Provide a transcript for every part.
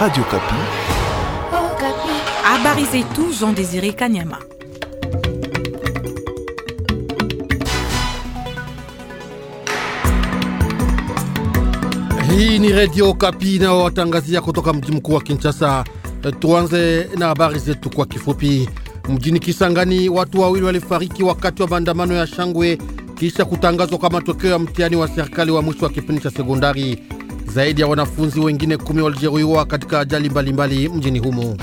Radio Kapi. Oh, Kapi. Habari zetu Jean Désiré Kanyama. Hii ni Radio Kapi watangazia kutoka mji mkuu wa Kinshasa. Tuanze na habari zetu kwa kifupi. Mjini Kisangani watu wawili walifariki wakati wa maandamano ya shangwe kisha kutangazwa kwa matokeo ya mtihani wa serikali wa mwisho wa kipindi cha sekondari. Zaidi ya wanafunzi wengine kumi walijeruhiwa katika ajali mbalimbali mbali mjini humo.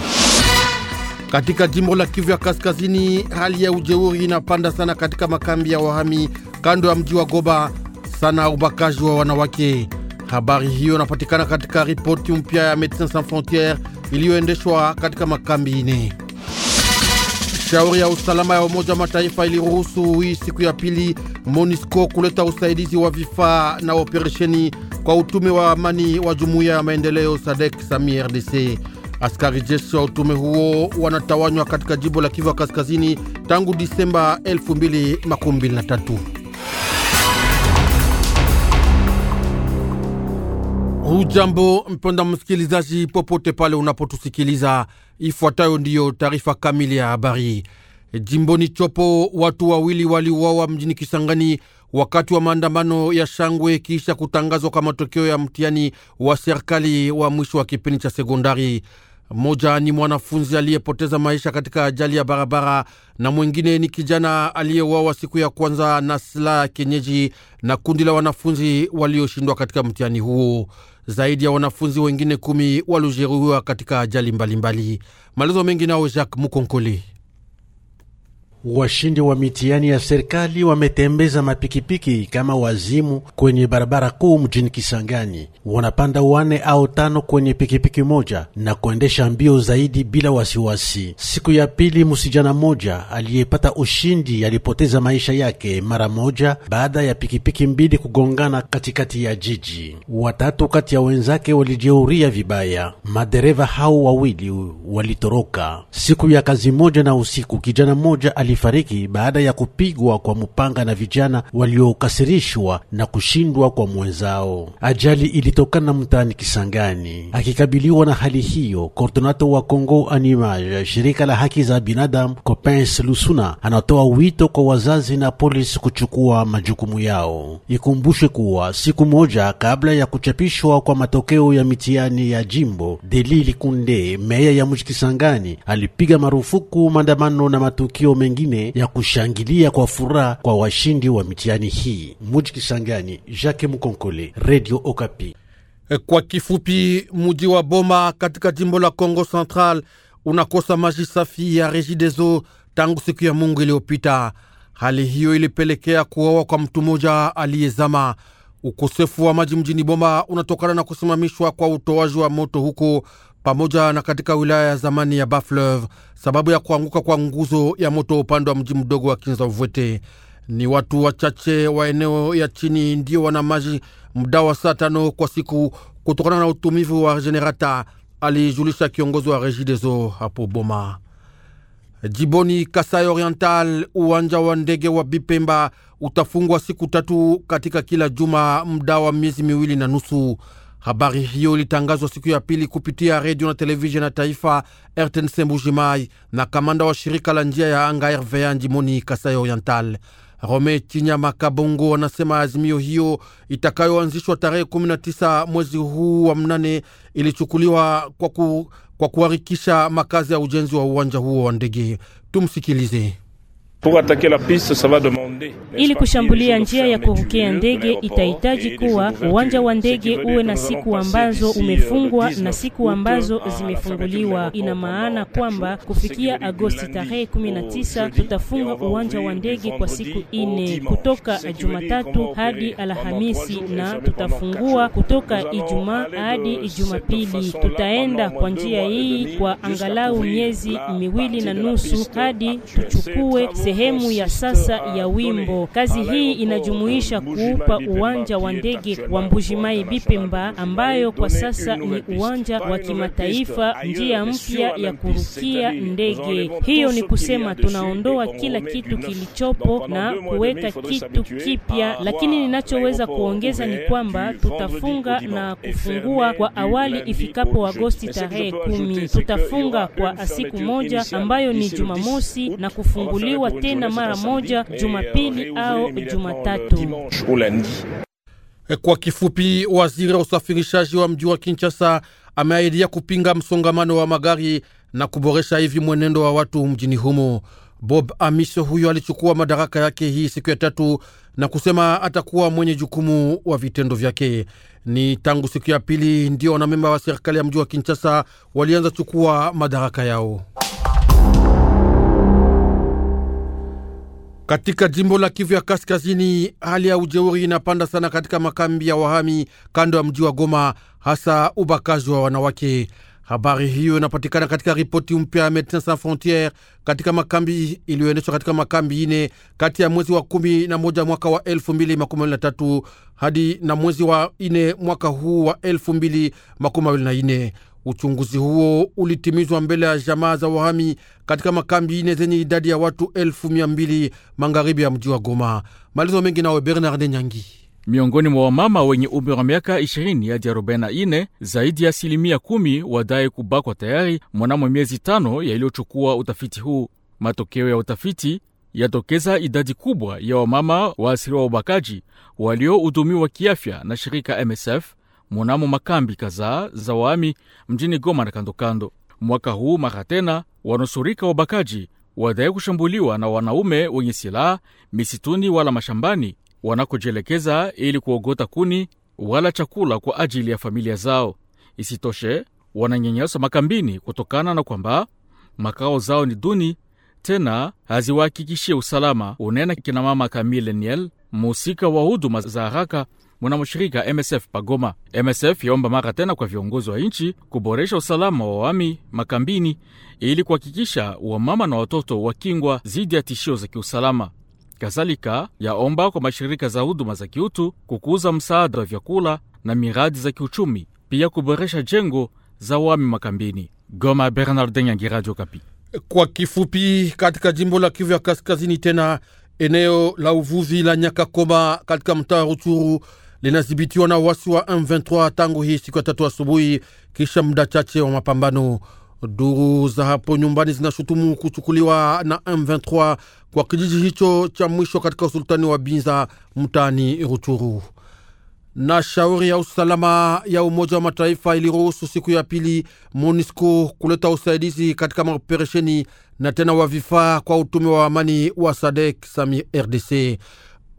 Katika jimbo la Kivu ya Kaskazini, hali ya ujeuri inapanda sana katika makambi ya wahami kando ya mji wa Goba, sana ubakaji wa wanawake. Habari hiyo inapatikana katika ripoti mpya ya Medecins Sans Frontieres iliyoendeshwa katika makambi ine. Shauri ya usalama ya Umoja wa Mataifa iliruhusu hii siku ya pili MONUSCO kuleta usaidizi wa vifaa na operesheni kwa utume wa amani wa jumuiya ya maendeleo Sadek Sami RDC. Askari jeshi wa utume huo wanatawanywa katika jimbo la Kivu Kaskazini tangu Disemba 2023. Hujambo mpenda msikilizaji, popote pale unapotusikiliza, ifuatayo ndiyo taarifa kamili ya habari. Jimboni Chopo, watu wawili waliuawa mjini Kisangani wakati wa maandamano ya shangwe kisha kutangazwa kwa matokeo ya mtihani wa serikali wa mwisho wa kipindi cha sekondari. Mmoja ni mwanafunzi aliyepoteza maisha katika ajali ya barabara na mwingine ni kijana aliyeuawa siku ya kwanza na silaha ya kienyeji na kundi la wanafunzi walioshindwa katika mtihani huo. Zaidi ya wanafunzi wengine kumi waliojeruhiwa katika ajali mbalimbali. Maelezo mengi nao Jacques Mukonkoli. Washindi wa mitihani ya serikali wametembeza mapikipiki kama wazimu kwenye barabara kuu mjini Kisangani. Wanapanda wane au tano kwenye pikipiki moja na kuendesha mbio zaidi bila wasiwasi. Siku ya pili, msijana mmoja aliyepata ushindi alipoteza maisha yake mara moja baada ya pikipiki mbili kugongana katikati ya jiji. Watatu kati ya wenzake walijeuria vibaya. Madereva hao wawili walitoroka. Siku ya kazi moja na usiku, kijana mmoja alifariki baada ya kupigwa kwa mupanga na vijana waliokasirishwa na kushindwa kwa mwenzao. Ajali ilitokana mtaani Kisangani. Akikabiliwa na hali hiyo, kordonato wa congo Animage, shirika la haki za binadamu Copens Lusuna, anatoa wito kwa wazazi na polisi kuchukua majukumu yao. Ikumbushwe kuwa siku moja kabla ya kuchapishwa kwa matokeo ya mitihani ya jimbo, Delili Kunde, meya ya mji Kisangani, alipiga marufuku maandamano na matukio mengi mengine ya kushangilia kwa furaha kwa washindi wa mitihani hii. Muji Kisangani, Jacques Mkonkole, Radio Okapi. Kwa kifupi, muji wa Boma katika jimbo la congo Central unakosa maji safi ya Regideso tangu siku ya Mungu iliyopita. Hali hiyo ilipelekea kuoa kwa mtu mmoja aliyezama. Ukosefu wa maji mjini Boma unatokana na kusimamishwa kwa utoaji wa moto huko pamoja na katika wilaya ya zamani ya Bafleuve sababu ya kuanguka kwa nguzo ya moto upande wa mji mdogo wa Kinza Uvwete. Ni watu wachache wa eneo ya chini ndio wana maji mda wa saa tano kwa siku kutokana na utumivu wa jenerata, alijulisha kiongozi wa Regideso hapo Boma. Jiboni Kasai Oriental, uwanja wa ndege wa Bipemba utafungwa siku tatu katika kila juma mda wa miezi miwili na nusu. Habari hiyo ilitangazwa siku ya pili kupitia redio na televisheni ya taifa RTNC Mbujimai na kamanda wa shirika la njia ya anga RVA moni Kasai Oriental Rome Chinyama Kabongo wanasema azimio hiyo itakayoanzishwa tarehe 19 mwezi huu wa mnane ilichukuliwa kwa, ku, kwa kuharikisha makazi ya ujenzi wa uwanja huo wa ndege. Tumsikilize. Ili kushambulia njia ya kurukia ndege itahitaji kuwa uwanja wa ndege uwe na siku ambazo umefungwa na siku ambazo zimefunguliwa. Ina maana kwamba kufikia Agosti tarehe 19 tutafunga uwanja wa ndege kwa siku ine kutoka Jumatatu hadi Alhamisi na tutafungua kutoka Ijumaa hadi Jumapili. Tutaenda kwa njia hii kwa angalau miezi miwili na nusu hadi tuchukue sehemu ya sasa ya wimbo. Kazi hii inajumuisha kuupa uwanja wa ndege wa Mbujimai Bipemba, ambayo kwa sasa ni uwanja wa kimataifa, njia mpya ya kurukia ndege. Hiyo ni kusema tunaondoa kila kitu kilichopo na kuweka kitu kipya, lakini ninachoweza kuongeza ni kwamba tutafunga na kufungua kwa awali ifikapo Agosti tarehe kumi. Tutafunga kwa siku moja ambayo ni Jumamosi na kufunguliwa tena mara moja Jumapili uh, au Jumatatu. Uh, eh, kwa kifupi, waziri wa usafirishaji wa mji wa Kinshasa ameahidia kupinga msongamano wa magari na kuboresha hivi mwenendo wa watu mjini humo. Bob Amiso huyo alichukua madaraka yake hii siku ya tatu na kusema atakuwa mwenye jukumu wa vitendo vyake. Ni tangu siku ya pili ndio wanamemba wa serikali ya mji wa Kinshasa walianza chukua madaraka yao. Katika jimbo la Kivu ya Kaskazini, hali ya ujeuri inapanda sana katika makambi ya wahami kando ya mji wa Goma, hasa ubakaji wa wanawake. Habari hiyo inapatikana katika ripoti mpya ya Medecins Sans Frontieres katika makambi iliyoendeshwa katika makambi ine kati ya mwezi wa kumi na moja mwaka wa elfu mbili makumi mbili na tatu hadi na mwezi wa ine mwaka huu wa elfu mbili makumi mbili na ine. Uchunguzi huo ulitimizwa mbele ya jamaa za wahami katika makambi ine zenye idadi ya watu elfu mia mbili magharibi ya mji wa Goma. Malizo mengi nawe Bernard Nyangi. Miongoni mwa wamama wenye umri wa miaka 20 hadi 44 zaidi ya asilimia kumi wadai kubakwa tayari mwanamo miezi tano yaliyochukua utafiti huu. Matokeo ya utafiti yatokeza idadi kubwa ya wamama waasiriwa wa ubakaji waliohudumiwa kiafya na shirika MSF mwanamo makambi kadhaa za waami mjini Goma na kandokando. Mwaka huu tena wanusurika wabakaji wadaye kushambuliwa na wanaume wenye silaha misituni wala mashambani, wanakojielekeza ili kuogota kuni wala chakula kwa ajili ya familia zao. Isitoshe, wananyanyaswa makambini kutokana na kwamba makao zao ni duni, tena haziwahakikishie usalama, unena kinamama Camille Niel, muhusika wa huduma za haraka mwanamshirika MSF Pagoma. MSF yaomba mara tena kwa viongozi wa nchi kuboresha usalama wa wami makambini ili kuhakikisha wamama na watoto wakingwa dhidi ya tishio za kiusalama. Kadhalika yaomba kwa mashirika za huduma za kiutu kukuza msaada wa vyakula na miradi za kiuchumi, pia kuboresha jengo za wami makambini. Goma, Bernardin Nyangi, Radio Kapi. Kwa kifupi, katika jimbo la Kivu ya Kaskazini, tena eneo la uvuvi la Nyakakoma katika mtaa Ruchuru linadhibitiwa na wasi wa M23 tangu hii siku ya tatu asubuhi, kisha muda chache wa mapambano. Duru za hapo nyumbani zinashutumu kuchukuliwa na M23 kwa kijiji hicho cha mwisho katika usultani wa Binza mtaani Ruchuru. Na shauri ya usalama ya Umoja wa Mataifa iliruhusu siku ya pili MONUSCO kuleta usaidizi katika maoperesheni na tena wa vifaa kwa utume wa amani wa Sadek Sami RDC.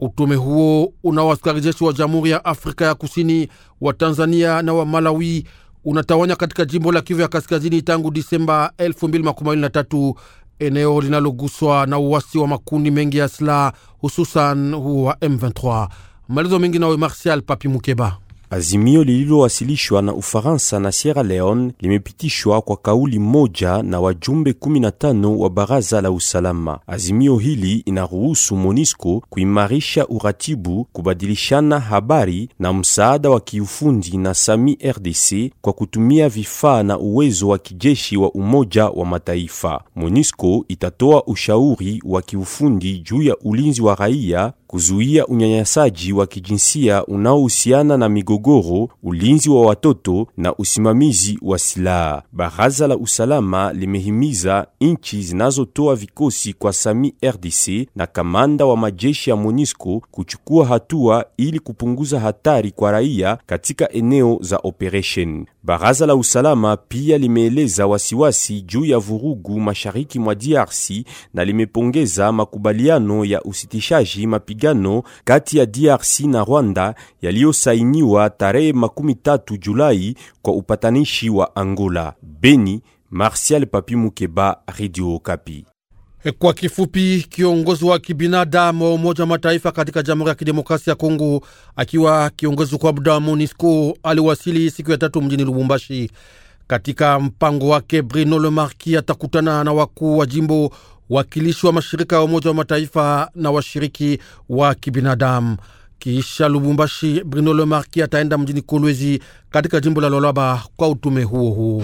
Utume huo una waaskari jeshi wa Jamhuri ya Afrika ya Kusini, wa Tanzania na wa Malawi unatawanya katika jimbo la Kivu ya Kaskazini tangu Disemba 2023 eneo linaloguswa na uwasi wa makundi mengi ya silaha hususan huo wa M23. Malizo mengi nawe Martial Papi Mukeba. Azimio lililowasilishwa na Ufaransa na Sierra Leone limepitishwa kwa kauli moja na wajumbe 15 wa Baraza la Usalama. Azimio hili inaruhusu MONUSCO kuimarisha uratibu, kubadilishana habari na msaada wa kiufundi na SAMI RDC kwa kutumia vifaa na uwezo wa kijeshi wa Umoja wa Mataifa. MONUSCO itatoa ushauri wa kiufundi juu ya ulinzi wa raia, kuzuia unyanyasaji wa kijinsia unaohusiana na migogo migogoro, ulinzi wa watoto na usimamizi wa silaha. Baraza la usalama limehimiza nchi zinazotoa vikosi kwa Sami RDC na kamanda wa majeshi ya MONUSCO kuchukua hatua ili kupunguza hatari kwa raia katika eneo za operation. Baraza la usalama pia limeeleza wasiwasi juu ya vurugu mashariki mwa DRC na limepongeza makubaliano ya usitishaji mapigano kati ya DRC na Rwanda yaliyosainiwa tarehe makumi tatu Julai kwa upatanishi wa Angola. Beni, Martial Papi Mukeba, Radio Okapi. Kwa kifupi, kiongozi wa kibinadamu wa Umoja wa Mataifa katika Jamhuri ya Kidemokrasia ya Kongo akiwa kiongozi kwa muda wa MONUSCO aliwasili siku ya tatu mjini Lubumbashi. Katika mpango wake, Bruno Le Marquis atakutana na wakuu wa jimbo, wakilishi wa mashirika ya Umoja wa Mataifa na washiriki wa kibinadamu. Kisha Lubumbashi, Bruno Le Marquis ataenda mjini Kolwezi katika jimbo la Lwalaba kwa utume huo huo.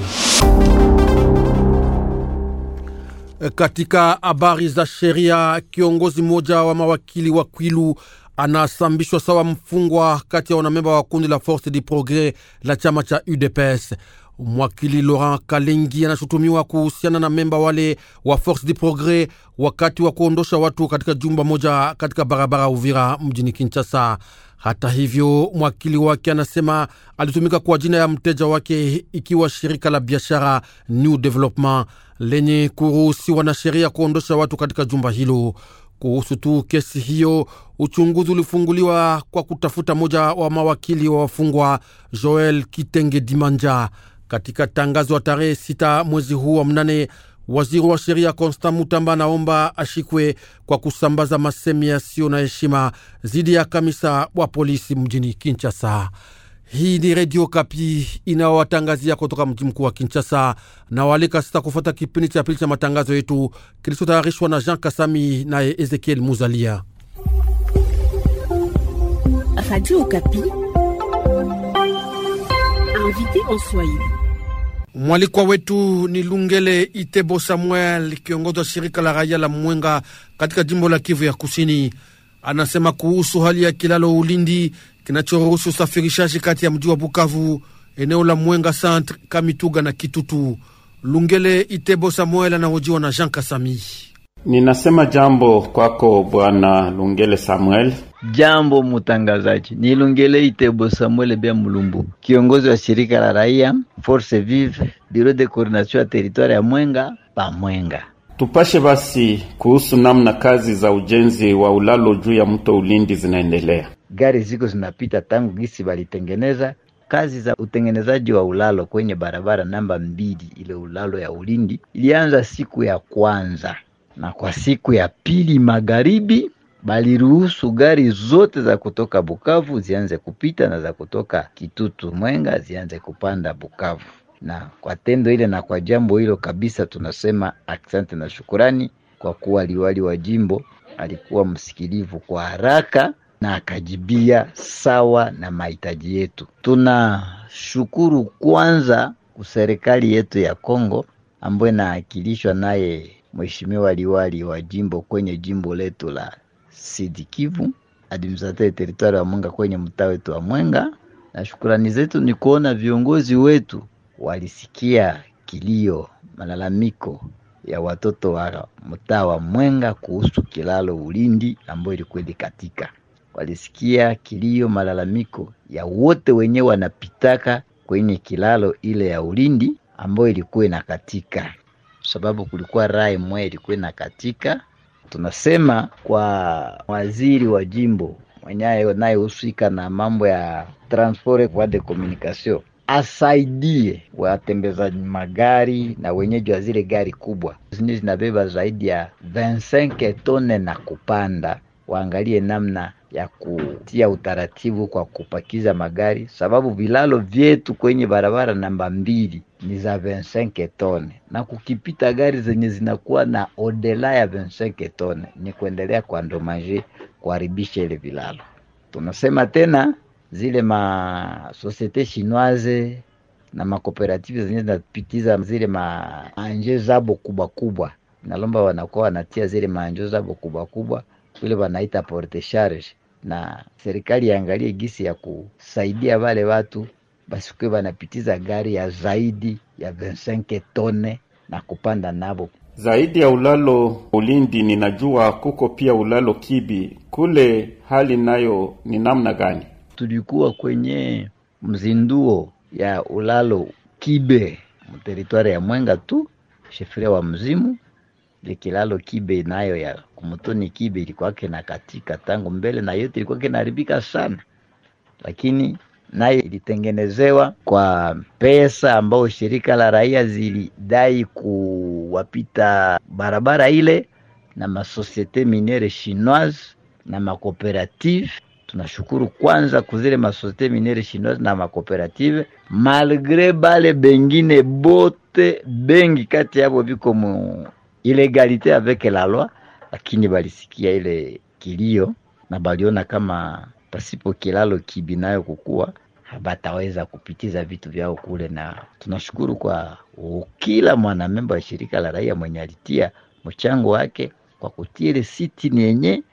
Katika habari za sheria, kiongozi mmoja wa mawakili wa Kwilu anasambishwa sawa mfungwa kati ya wanamemba wa kundi la Force du Progres la chama cha UDPS. Mwakili Laurent Kalengi anashutumiwa kuhusiana na memba wale wa Force du Progres wakati wa kuondosha watu katika jumba moja katika barabara Uvira mjini Kinshasa. Hata hivyo, mwakili wake anasema alitumika kwa jina ya mteja wake, ikiwa shirika la biashara New Development lenye kuruhusiwa na sheria kuondosha watu katika jumba hilo. Kuhusu tu kesi hiyo, uchunguzi ulifunguliwa kwa kutafuta moja wa mawakili wa wafungwa Joel Kitenge Dimanja. Katika tangazo ya tarehe sita mwezi huu wa mnane, waziri wa sheria Constant Mutamba naomba ashikwe kwa kusambaza masemi yasiyo na heshima dhidi ya kamisa wa polisi mjini Kinshasa. Hii ni Redio Kapi inayowatangazia kutoka mji mkuu wa Kinshasa na waalika sasa kufuata kipindi cha pili cha matangazo yetu kilichotayarishwa na Jean Kasami naye Ezekiel Muzalia. Radio Kapi invité en Swahili Mwalikwa wetu ni Lungele Itebo Samuel, kiongozi wa shirika la raia la Mwenga katika jimbo la Kivu ya Kusini. Anasema kuhusu hali ya kilalo Ulindi kinachoruhusu usafirishaji kati ya mji wa Bukavu, eneo la Mwenga Centre, Kamituga na Kitutu. Lungele Itebo Samuel anahojiwa na Jean Kasami. Ninasema jambo kwako Bwana Lungele Samuel. Jambo mutangazaji, ni Lungele Itebo Samuel Bia Mulumbu, kiongozi wa shirika la raia Force Vive, Bureau de Coordination ya Territoire ya Mwenga pa Mwenga. Tupashe basi kuhusu namna kazi za ujenzi wa ulalo juu ya mto Ulindi zinaendelea. Gari ziko zinapita tangu gisi balitengeneza kazi za utengenezaji wa ulalo kwenye barabara namba mbili, ile ulalo ya Ulindi ilianza siku ya kwanza na kwa siku ya pili magharibi baliruhusu gari zote za kutoka Bukavu zianze kupita na za kutoka Kitutu Mwenga zianze kupanda Bukavu. Na kwa tendo ile na kwa jambo hilo kabisa, tunasema asante na shukurani kwa kuwa liwali wa jimbo alikuwa msikilivu kwa haraka na akajibia sawa na mahitaji yetu. Tunashukuru kwanza serikali yetu ya Kongo ambayo inaakilishwa naye Mheshimiwa Liwali wa jimbo kwenye jimbo letu la Sidikivu, Kivu, administrateur ya territoire Mwenga kwenye mtaa wetu wa Mwenga, na shukrani zetu ni kuona viongozi wetu walisikia kilio, malalamiko ya watoto wa mtaa wa Mwenga kuhusu kilalo Ulindi ambayo ilikuwa katika walisikia kilio, malalamiko ya wote wenye wanapitaka kwenye kilalo ile ya Ulindi ambayo ilikuwa inakatika sababu kulikuwa rai mweli na katika tunasema kwa waziri wa jimbo mwenyewe anayehusika na mambo ya transport kwa de communication asaidie watembeza magari na wenyeji wa zile gari kubwa zenye zinabeba zaidi ya 25 tone na kupanda waangalie namna ya kutia utaratibu kwa kupakiza magari, sababu vilalo vyetu kwenye barabara namba mbili ni za 25 tone na kukipita gari zenye zinakuwa na odela ya 25 tone ni kuendelea kuandomaje, kuharibisha ile vilalo. Tunasema tena zile ma societe chinoise na makooperative zenye zinapitiza zile maanje zabo kubwa kubwa, nalomba wanakuwa wanatia zile maanje zabo kubwa kubwa ile wanaita porte charge, na serikali yaangalie gisi ya kusaidia wale watu basikuwe wanapitiza gari ya zaidi ya 25 tone na kupanda nabo zaidi ya ulalo Ulindi. Ninajua kuko pia ulalo Kibi kule, hali nayo ni namna gani? Tulikuwa kwenye mzinduo ya ulalo Kibe mteritwari ya Mwenga tu shefiria wa mzimu likilalo kibe nayo ya kumutoni kibe ilikwake na katika tangu mbele, na yote ilikwake naharibika sana, lakini nayo ilitengenezewa kwa pesa ambao shirika la raia zilidai kuwapita barabara ile na masosiete miniere chinoise na makooperative. Tunashukuru kwanza kuzile masosiete miniere chinoise na makooperative, malgre bale bengine bote bengi kati yabo viko mu ilegalite avec la loi, lakini balisikia ile kilio na baliona kama pasipo kilalo kibinayo kukua bataweza kupitiza vitu vyao kule, na tunashukuru kwa kila mwanamemba wa shirika la raia mwenye alitia mchango wake kwa kutia ile sitini yenye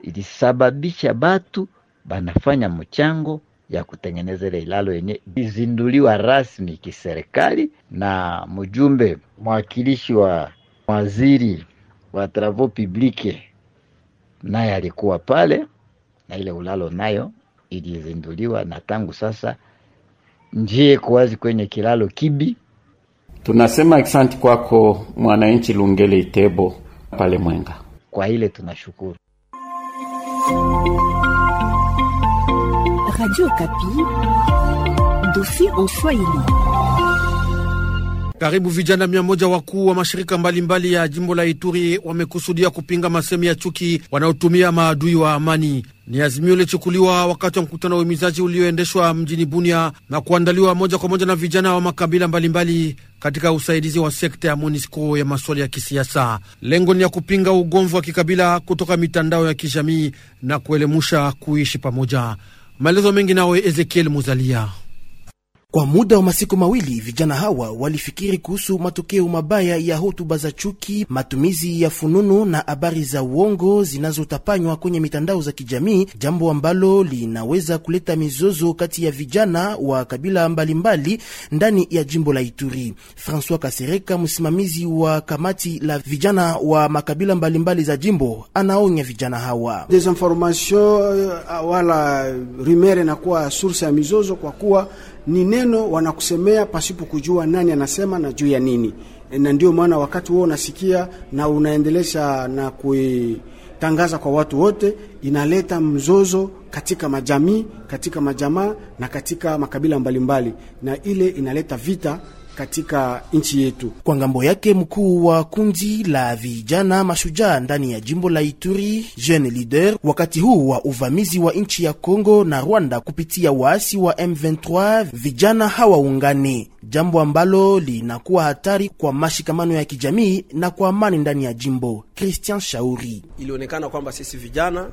ilisababisha batu banafanya mchango ya kutengeneza ile ilalo yenye izinduliwa rasmi kiserikali na mjumbe mwakilishi wa waziri wa travaux publiques naye alikuwa pale, na ile ulalo nayo ilizinduliwa, na tangu sasa njie kuwazi kwenye kilalo Kibi. Tunasema asante kwako mwananchi Lungele Itebo pale Mwenga. Kwa ile tunashukuru Radio Kapi dofi en karibu vijana mia moja wakuu wa mashirika mbalimbali mbali ya jimbo la Ituri wamekusudia kupinga masemi ya chuki wanaotumia maadui wa amani. Ni azimio ilichukuliwa wakati wa mkutano wa uhimizaji ulioendeshwa mjini Bunia na kuandaliwa moja kwa moja na vijana wa makabila mbalimbali mbali katika usaidizi wa sekta ya MONUSCO ya maswali ya kisiasa. Lengo ni ya kupinga ugomvi wa kikabila kutoka mitandao ya kijamii na kuelemusha kuishi pamoja. Maelezo mengi nawe Ezekiel Muzalia. Kwa muda wa masiku mawili vijana hawa walifikiri kuhusu matokeo mabaya ya hotuba za chuki, matumizi ya fununu na habari za uongo zinazotapanywa kwenye mitandao za kijamii, jambo ambalo linaweza kuleta mizozo kati ya vijana wa kabila mbalimbali mbali ndani ya jimbo la Ituri. Francois Kasereka, msimamizi wa kamati la vijana wa makabila mbalimbali mbali za jimbo, anaonya vijana hawa desinformation eh, wala rumeur inakuwa source ya mizozo kwa kuwa ni neno wanakusemea pasipo kujua nani anasema na juu ya nini, e, na ndio maana wakati huo unasikia na unaendelesha na kuitangaza kwa watu wote, inaleta mzozo katika majamii, katika majamaa na katika makabila mbalimbali mbali. Na ile inaleta vita katika nchi yetu. Kwa ngambo yake, mkuu wa kundi la vijana mashujaa ndani ya jimbo la Ituri, Jeune Leader, wakati huu wa uvamizi wa nchi ya Kongo na Rwanda kupitia waasi wa M23, vijana hawaungani, jambo ambalo linakuwa hatari kwa mashikamano ya kijamii na kwa amani ndani ya jimbo. Christian Shauri: ilionekana kwamba sisi vijana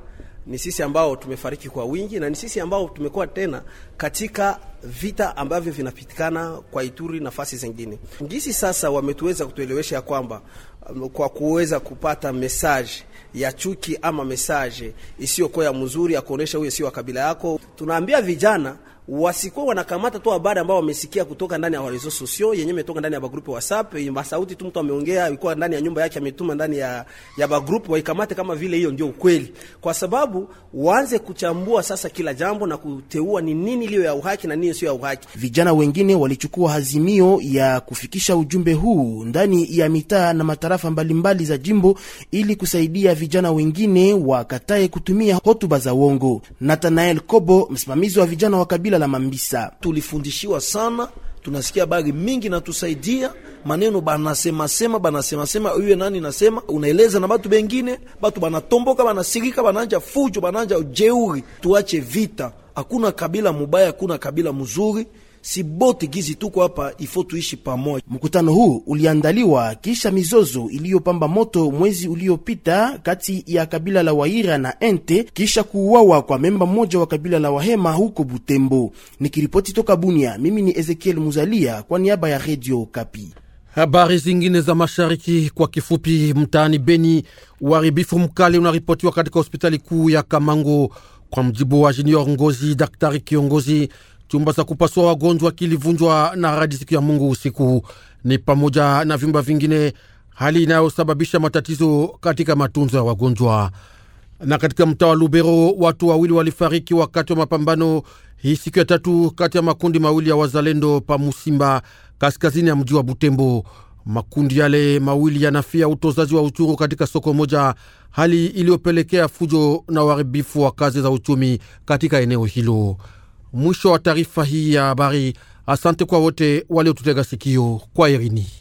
ni sisi ambao tumefariki kwa wingi na ni sisi ambao tumekuwa tena katika vita ambavyo vinapitikana kwa Ituri nafasi zingine. Ngisi sasa wametuweza kutuelewesha ya kwamba um, kwa kuweza kupata mesaje ya chuki ama mesaje isiyokuwa ya mzuri ya kuonesha huyo sio wa kabila yako, tunaambia vijana wasikuwa wanakamata tu habari ambao wamesikia kutoka ndani ya reseaux sosio yenye metoka ndani ya bagrupu WhatsApp, masauti tu mtu ameongea ilikuwa ndani ya nyumba yake ametuma ndani ya ya bagrupu, waikamate kama vile hiyo ndio ukweli, kwa sababu waanze kuchambua sasa kila jambo na kuteua ni nini iliyo ya uhaki na nini sio ya uhaki. Vijana wengine walichukua azimio ya kufikisha ujumbe huu ndani ya mitaa na matarafa mbalimbali za jimbo ili kusaidia vijana wengine wakatae kutumia hotuba za uongo. Nathanael Kobo, msimamizi wa vijana wa kabila kabila la Mambisa. Tulifundishiwa sana, tunasikia habari mingi natusaidia maneno banasemasema banasemasema, uye nani nasema, unaeleza na batu bengine, batu banatomboka, banasirika, bananja fujo, bananja ujeuri. Tuache vita, hakuna kabila mubaya, hakuna kabila mzuri si bote gizi tuko hapa, ifo tuishi pamoja. Mkutano huu uliandaliwa kisha mizozo iliyopamba moto mwezi uliopita kati ya kabila la Waira na Ente kisha kuuawa kwa memba mmoja wa kabila la Wahema huko Butembo. Nikiripoti toka Bunia, mimi ni Ezekiel Muzalia kwa niaba ya redio Kapi. Habari zingine za mashariki kwa kifupi. Mtaani Beni, uharibifu mkali unaripotiwa katika hospitali kuu ya Kamango kwa mjibu wa Junior Ngozi, daktari kiongozi chumba za kupasua wagonjwa kilivunjwa na radi siku ya Mungu usiku, ni pamoja na vyumba vingine, hali inayosababisha matatizo katika matunzo ya wagonjwa. Na katika mtaa wa Lubero watu wawili walifariki wakati wa mapambano hii siku ya tatu kati ya makundi mawili ya wazalendo pa Musimba, kaskazini ya mji wa Butembo. Makundi yale mawili yanafia utozaji wa uchuru katika soko moja, hali iliyopelekea fujo na uharibifu wa kazi za uchumi katika eneo hilo. Mwisho wa taarifa hii ya habari. Asante kwa wote waliotutega sikio. Kwa herini.